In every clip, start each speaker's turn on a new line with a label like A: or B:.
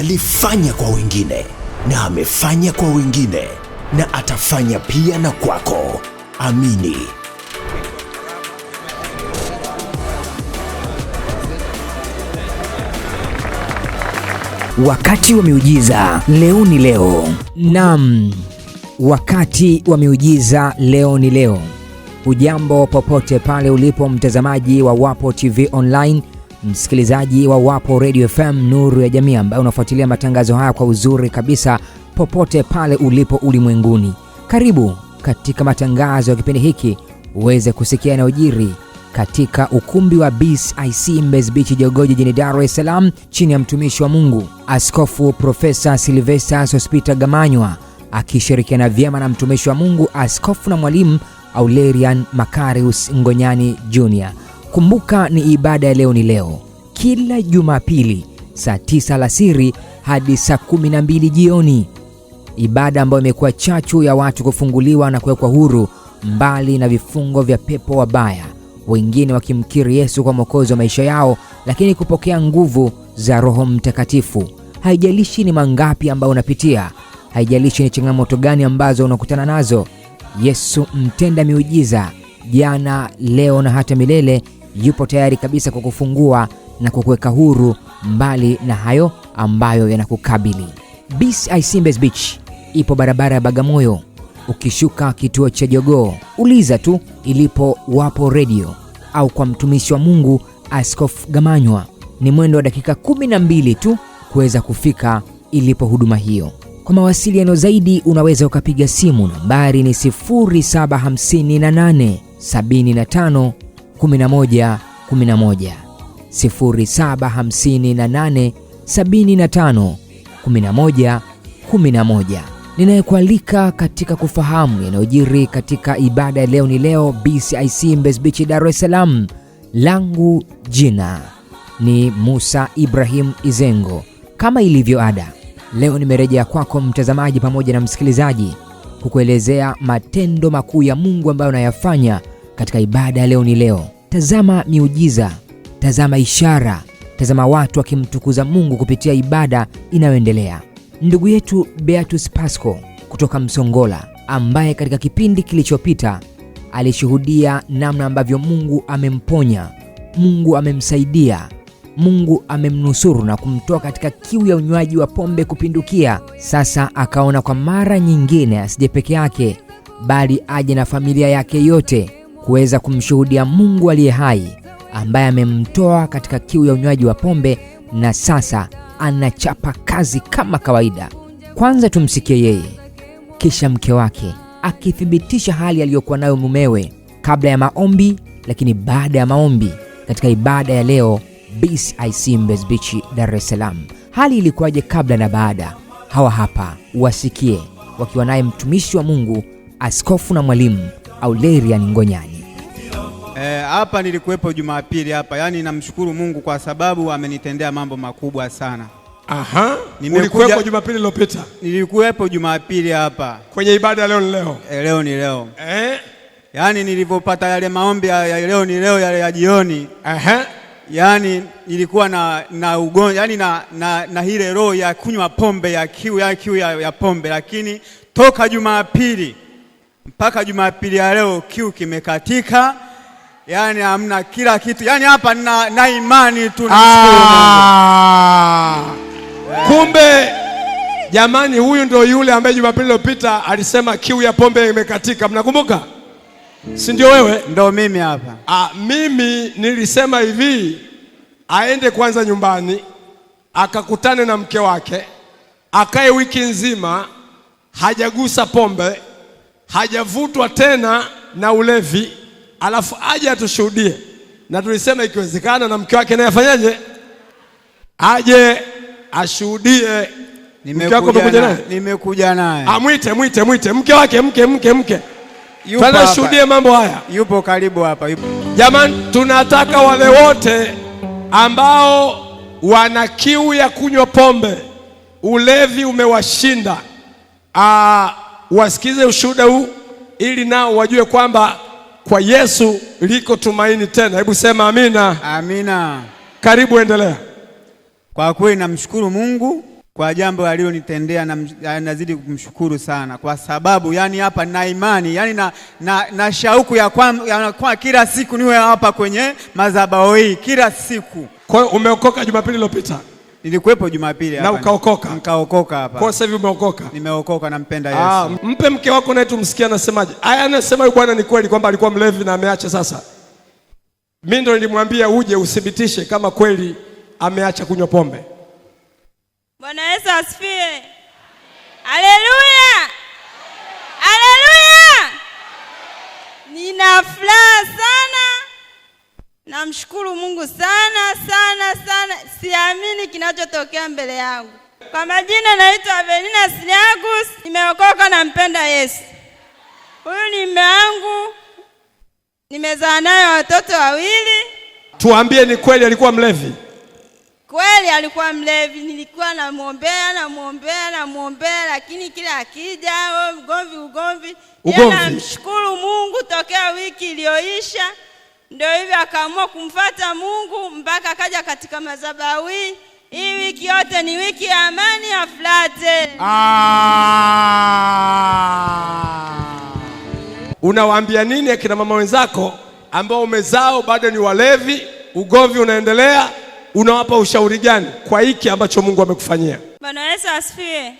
A: alifanya kwa wengine na amefanya kwa wengine na atafanya pia na kwako. Amini. Wakati wa miujiza leo ni leo. Naam, wakati wa miujiza leo ni leo. Ujambo popote pale ulipo mtazamaji wa Wapo TV Online, msikilizaji wa Wapo Radio FM Nuru ya Jamii, ambaye unafuatilia matangazo haya kwa uzuri kabisa popote pale ulipo ulimwenguni. Karibu katika matangazo ya kipindi hiki uweze kusikia yanayojiri katika ukumbi wa BCIC Mbezi jogo Jogoo jijini Dar es Salaam chini ya mtumishi wa Mungu Askofu Profesa Silvesta Sospita Gamanywa akishirikiana vyema na mtumishi wa Mungu askofu na mwalimu aulerian Makarius Ngonyani Jr. Kumbuka ni ibada ya Leo ni Leo kila Jumapili saa tisa alasiri hadi saa kumi na mbili jioni, ibada ambayo imekuwa chachu ya watu kufunguliwa na kuwekwa huru mbali na vifungo vya pepo wabaya, wengine wakimkiri Yesu kwa mwokozi wa maisha yao, lakini kupokea nguvu za Roho Mtakatifu. Haijalishi ni mangapi ambayo unapitia, haijalishi ni changamoto gani ambazo unakutana nazo, Yesu mtenda miujiza jana, leo na hata milele yupo tayari kabisa kwa kufungua na kukuweka huru mbali na hayo ambayo yanakukabili. BCI Simbes Beach ipo barabara ya Bagamoyo, ukishuka kituo cha Jogoo uliza tu ilipo Wapo Radio au kwa mtumishi wa Mungu Askofu Gamanywa. Ni mwendo wa dakika kumi na mbili tu kuweza kufika ilipo huduma hiyo. Kwa mawasiliano zaidi unaweza ukapiga simu, nambari ni 0758 75 11 ninayekualika katika kufahamu yanayojiri katika ibada ya leo ni leo BCIC Mbezi Beach, Dar es Salaam. Langu jina ni Musa Ibrahim Izengo. Kama ilivyo ada, leo nimerejea kwako mtazamaji pamoja na msikilizaji kukuelezea matendo makuu ya Mungu ambayo anayafanya katika ibada ya leo ni leo. Tazama miujiza, tazama ishara, tazama watu wakimtukuza Mungu kupitia ibada inayoendelea. Ndugu yetu Beatus Pasco kutoka Msongola, ambaye katika kipindi kilichopita alishuhudia namna ambavyo Mungu amemponya, Mungu amemsaidia, Mungu amemnusuru na kumtoa katika kiu ya unywaji wa pombe kupindukia. Sasa akaona kwa mara nyingine asije peke yake, bali aje na familia yake yote kuweza kumshuhudia Mungu aliye hai ambaye amemtoa katika kiu ya unywaji wa pombe na sasa anachapa kazi kama kawaida. Kwanza tumsikie yeye, kisha mke wake akithibitisha hali aliyokuwa nayo mumewe kabla ya maombi, lakini baada ya maombi katika ibada ya leo BCIC Mbezi Beach, Dar es Salaam. Hali ilikuwaje kabla na baada? Hawa hapa wasikie, wakiwa naye mtumishi wa Mungu, askofu na mwalimu Aulerian Ngonyani.
B: Eh, hapa e, nilikuwepo Jumapili hapa, yaani namshukuru Mungu kwa sababu amenitendea mambo makubwa sana.
C: Aha. Ulikuwepo Jumapili iliyopita?
B: Nilikuwepo Jumapili hapa
C: kwenye ibada. Leo ni leo
B: e, leo ni leo e? Yaani nilivyopata yale maombi ya leo ni leo yale ya jioni. Aha. Yaani nilikuwa na na ugonjwa yaani na, na, na ile roho ya kunywa pombe ya kiu ya kiu ya, ya pombe, lakini toka Jumapili mpaka Jumapili ya leo kiu kimekatika yani hamna kila kitu, yani hapa na, na imani tu
C: ah. Eh. Kumbe jamani, huyu ndio yule ambaye Jumapili iliyopita alisema kiu ya pombe imekatika, mnakumbuka? Si ndio wewe?
B: Ndio mimi hapa.
C: Ah, mimi nilisema hivi aende kwanza nyumbani akakutane na mke wake, akae wiki nzima, hajagusa pombe, hajavutwa tena na ulevi alafu aje atushuhudie, na tulisema ikiwezekana na mke wake naye afanyaje, aje ashuhudie.
B: Nimekuja naye,
C: amwite ah, mwite mwite mke wake, mke mke mke tunashuhudia mambo haya,
B: yupo karibu hapa, yupo.
C: Jamani, tunataka wale wote ambao wana kiu ya kunywa pombe, ulevi umewashinda, ah, wasikize ushuhuda huu ili nao wajue kwamba kwa Yesu liko tumaini tena. Hebu sema amina.
B: Amina.
C: Karibu, endelea.
B: Kwa kweli namshukuru Mungu kwa jambo alilonitendea na nazidi kumshukuru sana kwa sababu yani hapa na imani yani na, na, na shauku ya kwa, ya kwa kila siku niwe hapa kwenye madhabahu hii kila siku.
C: Kwa hiyo umeokoka Jumapili iliyopita?
B: Nilikuwepo Jumapili hapa.
C: Na ukaokoka.
B: Nikaokoka hapa.
C: Kwa sasa hivi umeokoka?
B: Nimeokoka, nampenda ah, Yesu.
C: Ah, mpe mke wako naye tumsikie anasemaje. Aya, anasema yule bwana ni kweli kwamba alikuwa mlevi na ameacha sasa. Mimi ndo nilimwambia uje uthibitishe kama kweli ameacha kunywa pombe.
D: Bwana Yesu asifiwe. Haleluya. Haleluya. Nina furaha sana. Namshukuru Mungu sana sana sana, siamini kinachotokea mbele yangu. Kwa majina naitwa Avelina Sinyagus, nimeokoka na mpenda Yesu. Huyu ni mume wangu, nimezaa naye watoto wawili.
C: Tuambie, ni kweli alikuwa mlevi?
D: Kweli alikuwa mlevi, nilikuwa namwombea namwombea namwombea, lakini kila akija oh, ugomvi ugomvi. Namshukuru Mungu, tokea wiki iliyoisha ndio hivyo akaamua kumfata Mungu mpaka akaja katika madhabahu hii. Hii wiki yote ni wiki ya amani aflate.
C: Ah! Unawaambia nini akina mama wenzako ambao umezao bado ni walevi, ugomvi unaendelea? Unawapa ushauri gani kwa hiki ambacho Mungu amekufanyia?
D: Bwana Yesu asifiwe.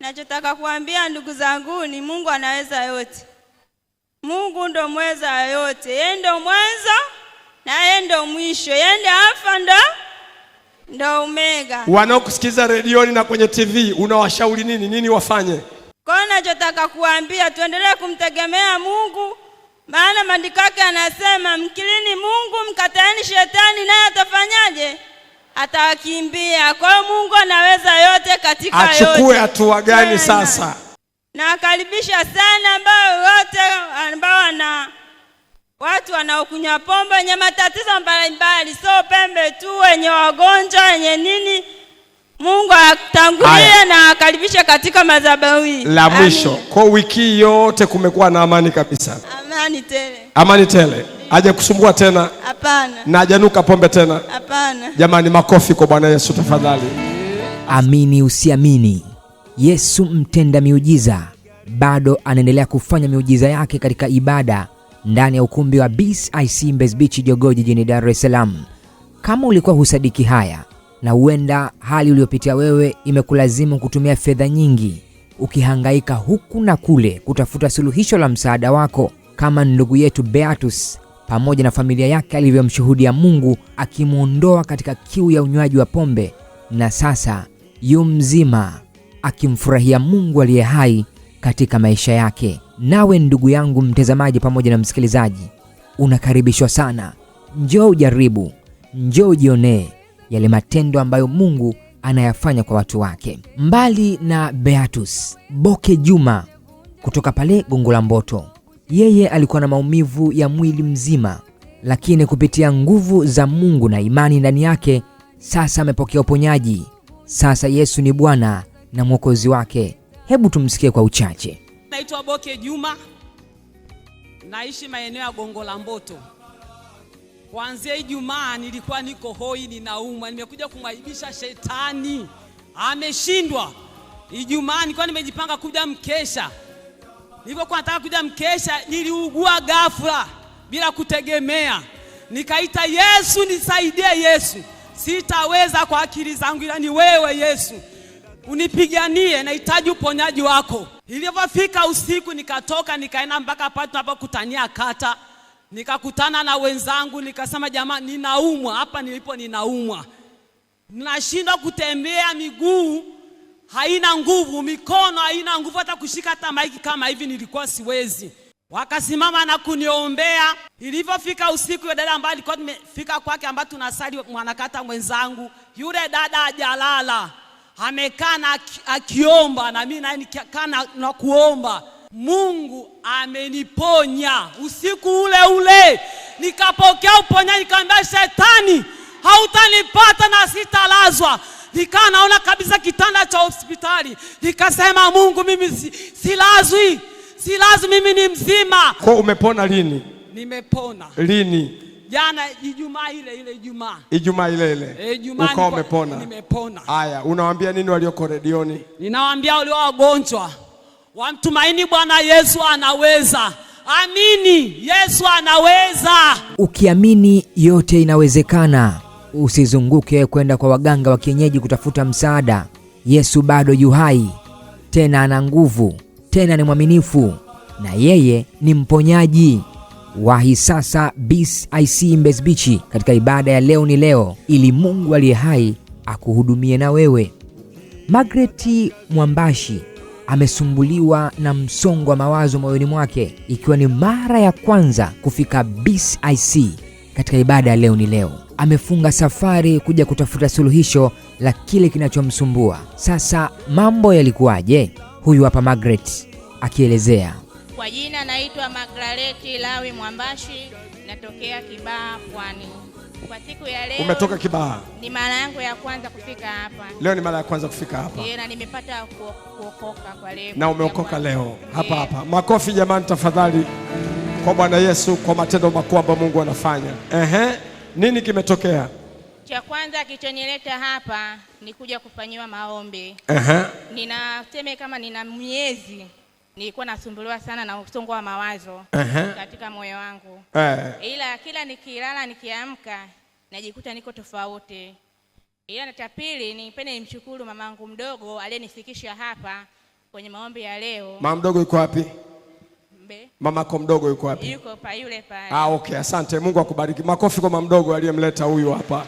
D: Nachotaka kuambia ndugu zangu ni Mungu anaweza yote. Mungu ndo mweza yote, yeye ndo mwanzo na yeye ndo mwisho, yeye ndo Alfa ndo ndo Omega.
C: Wanaokusikiza redioni na kwenye TV unawashauri nini? Nini wafanye?
D: Kwa nachotaka kuambia, tuendelee kumtegemea Mungu, maana maandiko yake anasema, mkilini Mungu mkataeni shetani, naye atafanyaje? Atawakimbia. Kwa hiyo Mungu anaweza yote katika
C: yote. Achukue hatua gani sasa?
D: Nawakaribisha sana ambao wote ambao wana watu wanaokunywa pombe wenye matatizo mbalimbali, sio pembe tu, wenye wagonjwa wenye nini. Mungu atangulie na akaribisha katika madhabahu hii.
C: La mwisho kwa wiki yote kumekuwa na amani kabisa,
D: amani tele,
C: amani tele, Aje kusumbua tena, hapana, na ajanuka pombe tena, hapana. Jamani, makofi kwa Bwana Yesu tafadhali.
A: Amini usiamini Yesu mtenda miujiza bado anaendelea kufanya miujiza yake katika ibada ndani ya ukumbi wa BIC Mbezi Beach Jogoo jijini Dar es Salaam. Kama ulikuwa husadiki haya na huenda hali uliyopitia wewe imekulazimu kutumia fedha nyingi ukihangaika huku na kule kutafuta suluhisho la msaada wako, kama ndugu yetu Beatus pamoja na familia yake alivyomshuhudia Mungu akimwondoa katika kiu ya unywaji wa pombe na sasa yu mzima akimfurahia Mungu aliye hai katika maisha yake. Nawe ndugu yangu mtazamaji pamoja na msikilizaji, unakaribishwa sana. Njoo ujaribu, njoo ujionee yale matendo ambayo Mungu anayafanya kwa watu wake. Mbali na Beatus Boke Juma kutoka pale Gongo la Mboto, yeye alikuwa na maumivu ya mwili mzima, lakini kupitia nguvu za Mungu na imani ndani yake, sasa amepokea uponyaji. Sasa Yesu ni Bwana na mwokozi wake. Hebu tumsikie kwa uchache.
E: Naitwa Boke Juma, naishi maeneo ya Gongo la Mboto. Kuanzia Ijumaa nilikuwa niko hoi, ninaumwa, nimekuja kumwaibisha shetani, ameshindwa. Ijumaa nilikuwa nimejipanga kuja mkesha, nilivyokuwa nataka kuja mkesha niliugua ghafla bila kutegemea, nikaita Yesu nisaidie, Yesu sitaweza kwa akili zangu, ila ni wewe Yesu unipiganie, nahitaji uponyaji wako. Ilivyofika usiku, nikatoka nikaenda mpaka hapa tunapokutania kata, nikakutana na wenzangu, nikasema jamaa, ninaumwa hapa nilipo, ninaumwa, ninashindwa kutembea, miguu haina nguvu, mikono haina nguvu, hata kushika hata maiki kama hivi nilikuwa siwezi. Wakasimama na kuniombea. Ilivyofika usiku, yule dada ambaye alikuwa nimefika kwake, ambaye tunasali mwanakata mwenzangu, yule dada ajalala amekaa akiomba, na mimi naye nikaa na kuomba, Mungu ameniponya usiku ule ule, nikapokea uponya nikaambia shetani, hautanipata na sitalazwa. Nikaa naona kabisa kitanda cha hospitali, nikasema Mungu, mimi silazwi, silazwi, mimi ni mzima.
C: Kwa umepona lini?
E: Nimepona
C: lini?
E: Jana Ijumaa ile ile Ijumaa.
C: Ijumaa ile ile. Eh, Ukawa umepona.
E: Nimepona.
C: Haya, unawaambia nini walioko redioni?
E: Ninawaambia walio wagonjwa wamtumaini Bwana Yesu anaweza. Amini, Yesu anaweza.
A: Ukiamini yote inawezekana. Usizunguke kwenda kwa waganga wa kienyeji kutafuta msaada. Yesu bado yu hai. Tena ana nguvu. Tena ni mwaminifu na yeye ni mponyaji wa Hisasa BIC Mbezi Beach katika ibada ya leo ni leo, ili Mungu aliye hai akuhudumie na wewe. Magreti Mwambashi amesumbuliwa na msongo wa mawazo moyoni mwake, ikiwa ni mara ya kwanza kufika BIC katika ibada ya leo ni leo. Amefunga safari kuja kutafuta suluhisho la kile kinachomsumbua. Sasa mambo yalikuwaje? Huyu hapa Margaret akielezea.
F: Kwa jina naitwa Magraleti Lawi Mwambashi, natokea Kibaha Pwani. Kwa siku ya leo
C: umetoka Kibaha?
F: Ni mara yangu ya kwanza kufika hapa.
C: Leo ni mara ya kwanza kufika hapa? Ndiyo,
F: ee, na nimepata kuokoka kwa leo.
C: Na umeokoka leo hapa ee. hapa? Makofi jamani, tafadhali kwa Bwana Yesu kwa matendo makubwa ambayo Mungu anafanya. Ehe, nini kimetokea?
F: Cha kwanza kilichonileta hapa ni kuja kufanyiwa maombi. Ehe, ninaseme kama nina miezi nilikuwa nasumbuliwa sana na msongo wa mawazo uh -huh. katika moyo wangu uh eh. -huh. ila kila nikilala nikiamka najikuta niko tofauti. Ila cha pili, nipende nimshukuru mamangu mdogo aliyenifikisha hapa kwenye maombi ya leo.
C: Mama mdogo yuko wapi? Mamako mdogo yuko wapi?
F: Yuko pa yule pale.
C: Ah, okay, asante. Mungu akubariki. Makofi kwa mama mdogo aliyemleta huyu hapa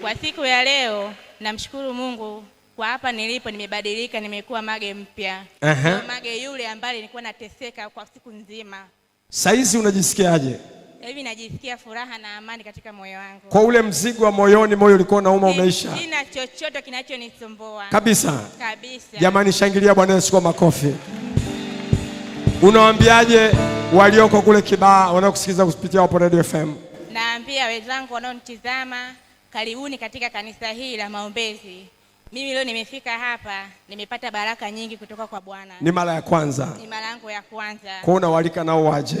F: kwa siku ya leo. Namshukuru Mungu kwa hapa nilipo nimebadilika, nimekuwa mage mpya.
C: uh -huh. Mage
F: yule ambaye nilikuwa nateseka kwa siku nzima,
C: saizi unajisikiaje?
F: Hivi najisikia furaha na amani katika moyo wangu.
C: Kwa ule mzigo wa moyoni, moyo ulikuwa unauma, umeisha.
F: Sina chochote kinachonisumbua kabisa kabisa.
C: Jamani, shangilia Bwana Yesu kwa makofi. Unawaambiaje walioko kule kibaa wanaokusikiliza kupitia hapo Radio FM?
F: Naambia wenzangu wanaonitizama, karibuni katika kanisa hili la maombezi. Mimi leo nimefika hapa, nimepata baraka nyingi kutoka kwa Bwana.
C: Ni mara ya kwanza? Ni
F: mara yangu ya kwanza.
C: Kwa unawalika nao waje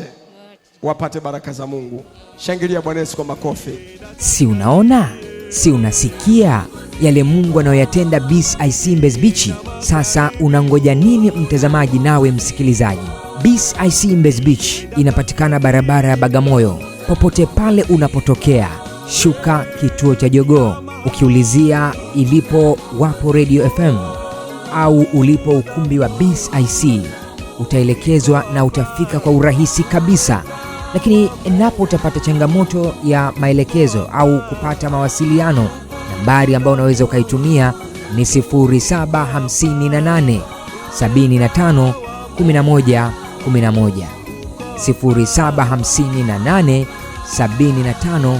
C: wapate baraka za Mungu. Shangilia Bwana Yesu kwa makofi.
A: Si unaona, si unasikia yale Mungu anayoyatenda BCIC Mbezi Beach. Sasa unangoja nini, mtazamaji nawe msikilizaji? BCIC Mbezi Beach inapatikana barabara ya Bagamoyo, popote pale unapotokea, shuka kituo cha Jogoo Ukiulizia ilipo Wapo Radio FM au ulipo ukumbi wa BIC utaelekezwa na utafika kwa urahisi kabisa. Lakini endapo utapata changamoto ya maelekezo au kupata mawasiliano, nambari ambayo unaweza ukaitumia ni 758 75 11 11, 0758 75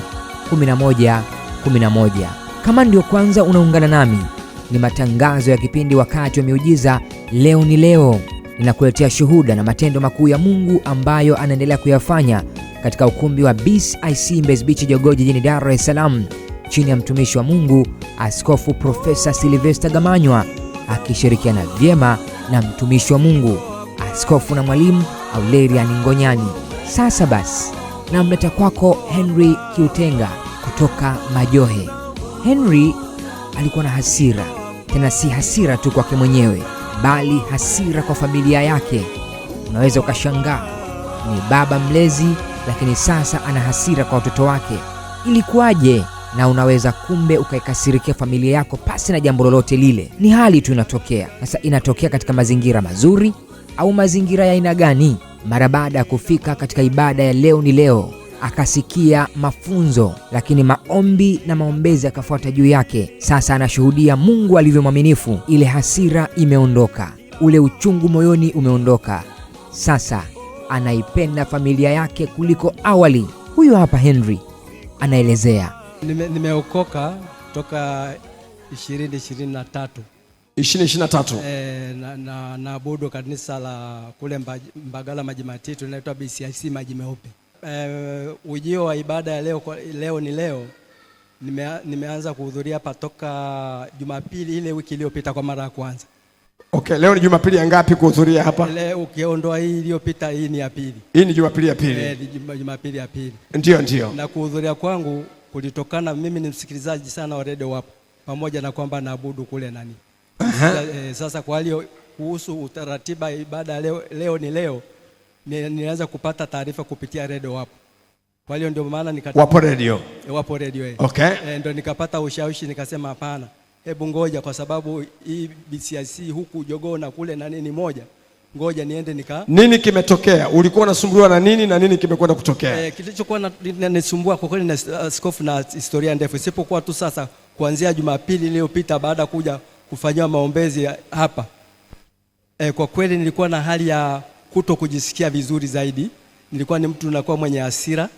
A: 11 11. Kama ndio kwanza unaungana nami, ni matangazo ya kipindi Wakati wa Miujiza. Leo ni leo, ninakuletea shuhuda na matendo makuu ya Mungu ambayo anaendelea kuyafanya katika ukumbi wa BCIC Mbezi Beach, Jogoo, jijini Dar es Salaam, chini ya mtumishi wa Mungu Askofu Profesa Silvester Gamanywa akishirikiana vyema na mtumishi wa Mungu askofu na mwalimu Aurelian Ngonyani. Sasa basi, namleta kwako Henry Kiutenga kutoka Majohe. Henry alikuwa na hasira, tena si hasira tu kwake mwenyewe, bali hasira kwa familia yake. Unaweza ukashangaa, ni baba mlezi, lakini sasa ana hasira kwa watoto wake. Ilikuwaje? na unaweza kumbe ukaikasirikia familia yako pasi na jambo lolote lile. Ni hali tu inatokea. Sasa inatokea katika mazingira mazuri au mazingira ya aina gani? Mara baada ya kufika katika ibada ya leo ni leo akasikia mafunzo, lakini maombi na maombezi akafuata juu yake. Sasa anashuhudia Mungu alivyo mwaminifu. Ile hasira imeondoka, ule uchungu moyoni umeondoka. Sasa anaipenda familia yake kuliko awali. Huyo hapa Henry anaelezea.
G: Nimeokoka nime toka 2023
C: e,
G: eh, na naabudu kanisa la kule Mbagala Maji Matitu, inaitwa BCIC Maji Meupe uh, ujio wa ibada ya leo, leo ni leo nime, nimeanza kuhudhuria hapa toka Jumapili ile wiki iliyopita kwa mara ya kwanza.
C: Okay, leo ni Jumapili ya ngapi kuhudhuria hapa? Eh,
G: leo ukiondoa hii iliyopita hii ni ya pili.
C: Hii ni Jumapili ya pili. Eh,
G: ni Jumapili ya pili. Ndio, ndio. Na kuhudhuria kwangu kulitokana mimi ni msikilizaji sana wa redio hapo pamoja na kwamba naabudu kule nani.
C: Uh -huh. Sasa, eh,
G: sasa kwa hiyo kuhusu utaratiba ibada leo, leo ni leo ninaweza kupata taarifa kupitia redio wapo. Kwa hiyo ndio maana nikata
C: wapo redio. E,
G: eh, wapo redio. Eh.
C: Okay. E, ndio
G: nikapata ushawishi nikasema hapana. Hebu ngoja kwa sababu hii BCIC huku jogoo na kule na nini moja. Ngoja niende nika.
C: Nini kimetokea? Ulikuwa unasumbuliwa na nini na nini kimekwenda kutokea? Eh,
G: kilichokuwa nanisumbua kwa kweli na askofu uh, na historia ndefu. Isipokuwa tu sasa kuanzia Jumapili iliyopita baada ya kuja kufanyiwa maombezi hapa. Eh, kwa kweli nilikuwa na hali ya kuto kujisikia vizuri zaidi. Nilikuwa ni mtu nakuwa mwenye hasira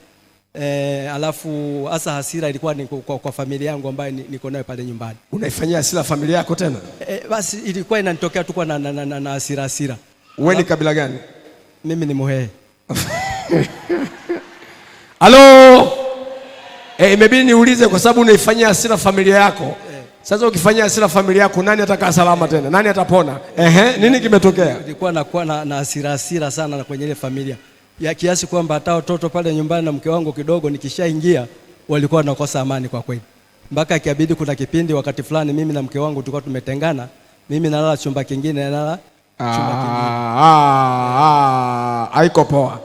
G: e, alafu hasa hasira ilikuwa ni kwa, kwa familia yangu ambayo niko nayo pale nyumbani.
C: Unaifanyia hasira familia yako tena?
G: E, basi ilikuwa inanitokea tu kwa na, na, na, na hasira hasira.
C: Wewe ni kabila gani?
G: Mimi ni Muhehe.
C: Halo. Eh, imebidi niulize kwa sababu unaifanyia hasira familia yako. Sasa ukifanyia hasira familia yako, nani atakaa salama tena? Nani atapona? Ehe, nini kimetokea?
G: Nilikuwa nakuwa na, na hasira hasira sana na kwenye ile familia ya kiasi kwamba hata watoto pale nyumbani na mke wangu kidogo nikishaingia walikuwa wanakosa amani kwa kweli, mpaka ikabidi kuna kipindi wakati fulani mimi na mke wangu tulikuwa tumetengana, mimi nalala chumba kingine, nalala
C: chumba ah, kingine. Ah, ah, haiko poa.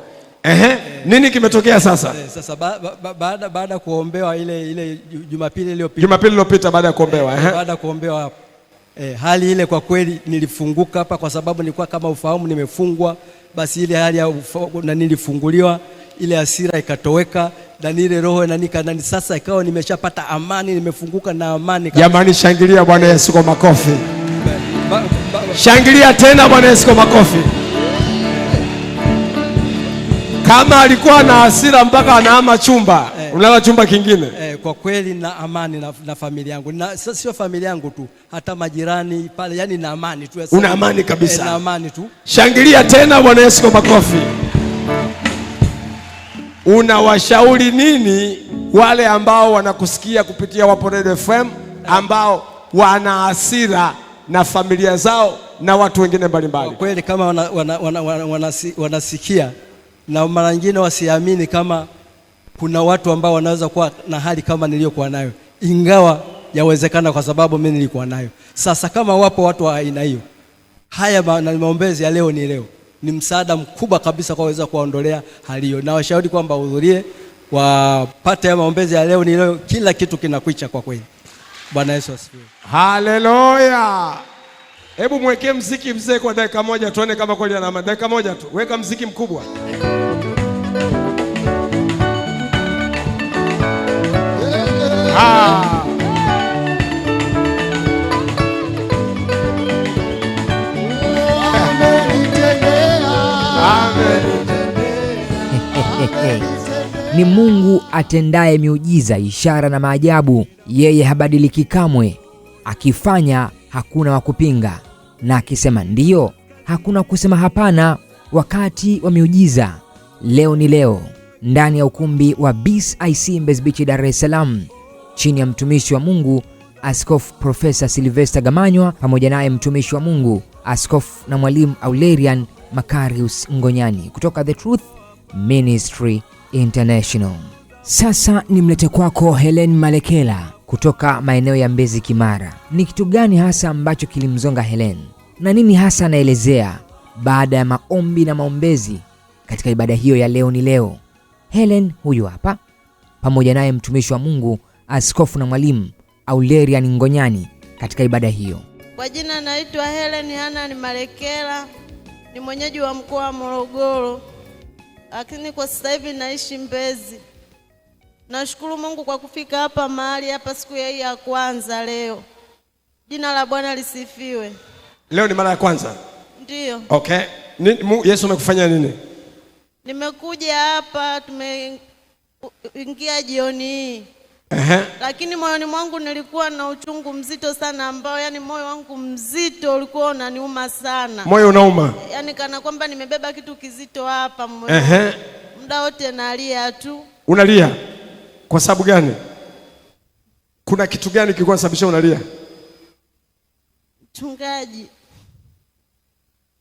C: Ehe, nini kimetokea sasa? Eh,
G: sasa baada baada kuombewa ile ile Jumapili iliyopita.
C: Jumapili iliyopita baada ya kuombewa, ehe.
G: Baada kuombewa hapo. Eh, hali ile kwa kweli nilifunguka hapa kwa sababu nilikuwa kama ufahamu nimefungwa, basi ile hali ya na nilifunguliwa, ile hasira ikatoweka na ile roho na sasa ikawa nimeshapata amani, nimefunguka na amani.
C: Jamani, shangilia Bwana Yesu kwa makofi. Shangilia tena Bwana Yesu kwa makofi. Kama alikuwa na hasira mpaka anahama chumba eh, unalala chumba kingine
G: eh. Kwa kweli na amani na, na familia yangu na sio familia yangu tu, hata majirani pale, yani na amani tu.
C: Una amani eh, kabisa eh, na amani tu. Shangilia tena Bwana Yesu kwa makofi. Unawashauri nini wale ambao wanakusikia kupitia Wapo Radio FM ambao wana hasira na familia zao na watu wengine mbalimbali? Kwa
G: kweli kama wanasikia wana, wana, wana, wana, wana, wana, wana na mara nyingine wasiamini kama kuna watu ambao wanaweza kuwa na hali kama niliyokuwa nayo, ingawa yawezekana, kwa sababu mimi nilikuwa nayo. Sasa kama wapo watu wa aina hiyo, haya maombezi ya leo ni leo ni msaada mkubwa kabisa kwa kuweza kuwaondolea hali hiyo, na washauri kwamba wahudhurie, wapate ya maombezi ya leo ni leo. Kila kitu kinakwicha kwa kweli. Bwana Yesu asifiwe,
C: haleluya. Hebu mwekee mziki mzee kwa dakika moja, tuone kama kweli ana dakika moja tu. Weka mziki mkubwa. Ha. Ah.
A: Ni Mungu atendaye miujiza, ishara na maajabu. Yeye habadiliki kamwe. Akifanya hakuna wa kupinga, na akisema ndiyo hakuna kusema hapana. Wakati wa miujiza, leo ni leo, ndani ya ukumbi wa BIS IC Mbezi Beach, Dar es Salaam chini ya mtumishi wa Mungu Askofu Profesa Silvesta Gamanywa pamoja naye mtumishi wa Mungu Askofu na mwalimu aulerian Makarius Ngonyani kutoka The Truth Ministry International. Sasa nimlete kwako Helen Malekela kutoka maeneo ya Mbezi Kimara. Ni kitu gani hasa ambacho kilimzonga Helen na nini hasa anaelezea baada ya maombi na maombezi katika ibada hiyo ya leo ni leo? Helen huyu hapa pamoja naye mtumishi wa Mungu askofu na mwalimu Aurelian Ngonyani katika ibada hiyo.
H: Kwa jina naitwa Helen ni Marekela, ni mwenyeji wa mkoa wa Morogoro, lakini kwa sasa hivi naishi Mbezi. Nashukuru Mungu kwa kufika hapa mahali hapa siku ya hii ya kwanza leo. Jina la Bwana lisifiwe.
C: Leo ni mara ya kwanza? Ndio. Okay. Ni, Yesu amekufanya nini?
H: Nimekuja hapa tumeingia jioni hii Ehe. Lakini moyoni mwangu nilikuwa na uchungu mzito sana ambao yani moyo wangu mzito ulikuwa unaniuma sana.
C: Moyo unauma?
H: Yaani kana kwamba nimebeba kitu kizito hapa
C: moyo. Ehe.
H: Muda wote nalia tu.
C: Unalia? Kwa sababu gani? Kuna kitu gani kilikuwa sababisha unalia?
H: Mchungaji.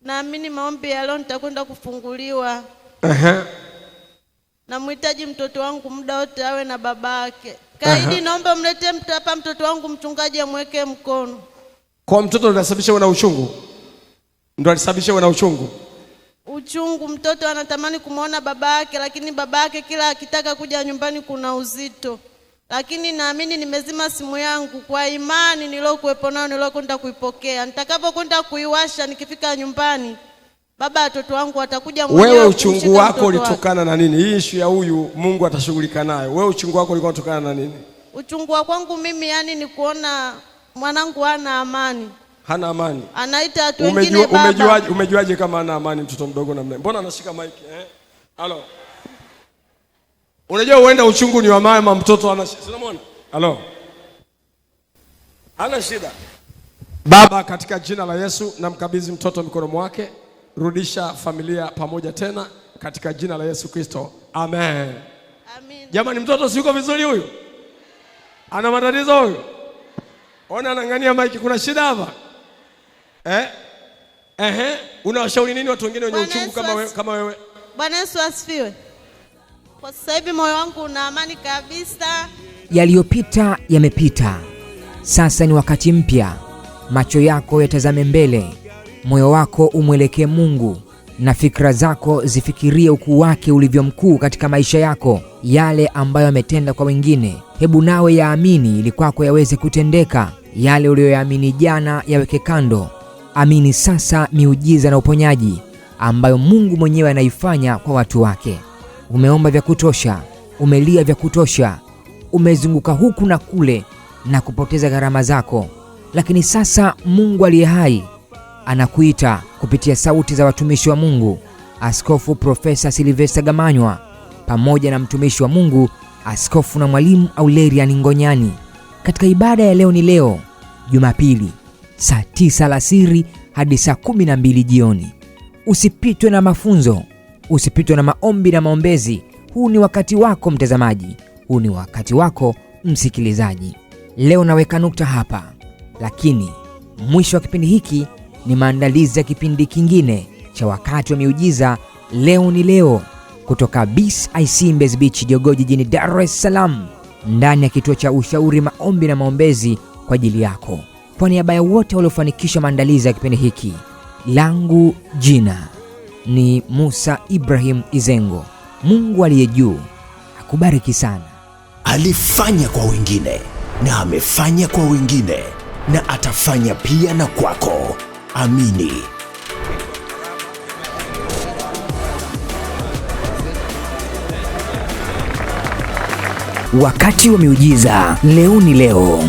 H: Naamini maombi ya leo nitakwenda kufunguliwa. Ehe. Namhitaji mtoto wangu muda wote awe na babake. Kaidi, naomba mlete hapa mtoto wangu mchungaji amweke mkono.
C: Kwa mtoto ndo alisababisha na uchungu, ndo alisababisha na uchungu
H: uchungu. Mtoto anatamani kumwona baba yake, lakini baba yake kila akitaka kuja nyumbani kuna uzito lakini naamini nimezima simu yangu kwa imani niliokuwepo nayo, niliokwenda kuipokea. Nitakapokwenda kuiwasha nikifika nyumbani Baba, watoto wangu watakuja.
C: Wewe uchungu wako ulitokana na nini? Hii ishu ya huyu Mungu atashughulika nayo. Wewe uchungu wako ulikuwa unatokana na nini?
H: Uchungu wa kwangu mimi yani ni kuona mwanangu hana amani. Hana amani, anaita watu wengine.
C: Umejuaje? Umejuaje kama hana amani mtoto mdogo namna? Mbona anashika maiki eh? Halo, unajua uenda uchungu ni wa mama, mtoto ana shida. Unaona, halo, ana shida. Baba, katika jina la Yesu namkabidhi mtoto mikono mwake rudisha familia pamoja tena katika jina la Yesu Kristo, amen. Jamani, mtoto si yuko vizuri huyu? Ana matatizo huyu? Ona anang'ania maiki, kuna shida hapa eh? Ehe, unawashauri nini watu wengine wenye uchungu kama wewe, kama wewe?
H: Bwana Yesu asifiwe. Kwa sasa hivi moyo wangu una amani kabisa.
A: Yaliyopita yamepita, sasa ni wakati mpya. Macho yako yatazame mbele moyo wako umwelekee Mungu na fikra zako zifikirie ukuu wake ulivyo mkuu katika maisha yako. Yale ambayo ametenda kwa wengine, hebu nawe yaamini ili kwako yaweze kutendeka. Yale uliyoyaamini jana yaweke kando, amini sasa miujiza na uponyaji ambayo Mungu mwenyewe anaifanya kwa watu wake. Umeomba vya kutosha, umelia vya kutosha, umezunguka huku na kule na kupoteza gharama zako, lakini sasa Mungu aliye hai anakuita kupitia sauti za watumishi wa Mungu, Askofu Profesa Silvesta Gamanywa pamoja na mtumishi wa Mungu Askofu na Mwalimu Aurelian Ngonyani katika ibada ya leo ni leo Jumapili saa tisa alasiri hadi saa kumi na mbili jioni. Usipitwe na mafunzo, usipitwe na maombi na maombezi. Huu ni wakati wako mtazamaji, huu ni wakati wako msikilizaji. Leo naweka nukta hapa, lakini mwisho wa kipindi hiki ni maandalizi ya kipindi kingine cha Wakati wa Miujiza, Leo ni Leo, kutoka BCIC Mbezi Beach, Jogoo, jijini Dar es Salaam, ndani ya kituo cha ushauri, maombi na maombezi kwa ajili yako. Kwa niaba ya wote waliofanikisha maandalizi ya kipindi hiki, langu jina ni Musa Ibrahim Izengo. Mungu aliye juu akubariki sana. Alifanya kwa wengine na amefanya kwa wengine na atafanya pia na kwako amini. Wakati wa Miujiza, leo ni leo.